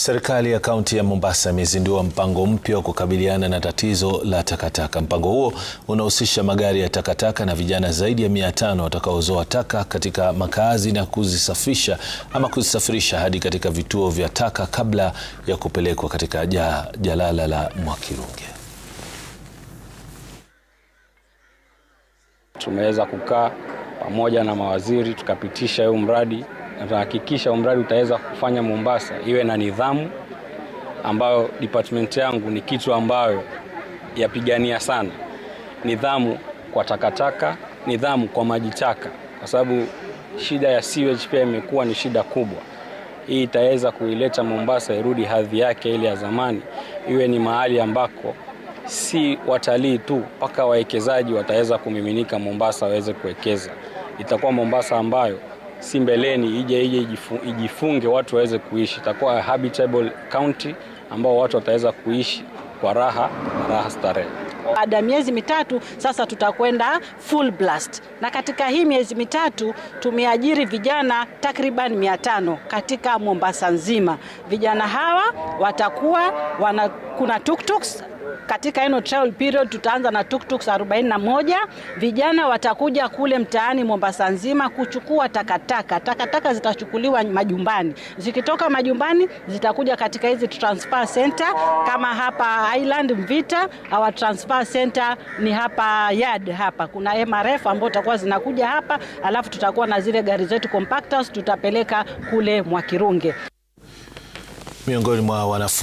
Serikali ya kaunti ya Mombasa imezindua mpango mpya wa kukabiliana na tatizo la takataka. Mpango huo unahusisha magari ya takataka na vijana zaidi ya mia tano watakaozoa taka katika makazi na kuzisafisha ama kuzisafirisha hadi katika vituo vya taka kabla ya kupelekwa katika jalala la Mwakirunge. Tumeweza kukaa pamoja na mawaziri tukapitisha huu mradi nitahakikisha umradi utaweza kufanya Mombasa iwe na nidhamu ambayo department yangu ni kitu ambayo yapigania sana, nidhamu kwa takataka, nidhamu kwa maji taka, kwa sababu shida ya sewage pia imekuwa ni shida kubwa. Hii itaweza kuileta Mombasa irudi hadhi yake ile ya zamani, iwe ni mahali ambako si watalii tu, mpaka wawekezaji wataweza kumiminika Mombasa waweze kuwekeza. Itakuwa Mombasa ambayo si mbeleni ije ije ijifunge watu waweze kuishi, itakuwa habitable county ambao watu wataweza kuishi kwa raha na raha starehe. Baada ya miezi mitatu sasa tutakwenda full blast, na katika hii miezi mitatu tumeajiri vijana takriban mia tano katika Mombasa nzima. Vijana hawa watakuwa wana, kuna tuktuks katika eno trial period tutaanza na tuktuk 41 vijana watakuja kule mtaani Mombasa nzima kuchukua takataka. Takataka zitachukuliwa majumbani, zikitoka majumbani zitakuja katika hizi transfer center kama hapa Island Mvita. Our transfer center ni hapa yard hapa, kuna MRF ambao takuwa zinakuja hapa, alafu tutakuwa na zile gari zetu compactors tutapeleka kule Mwakirunge miongoni mwa wanafunzi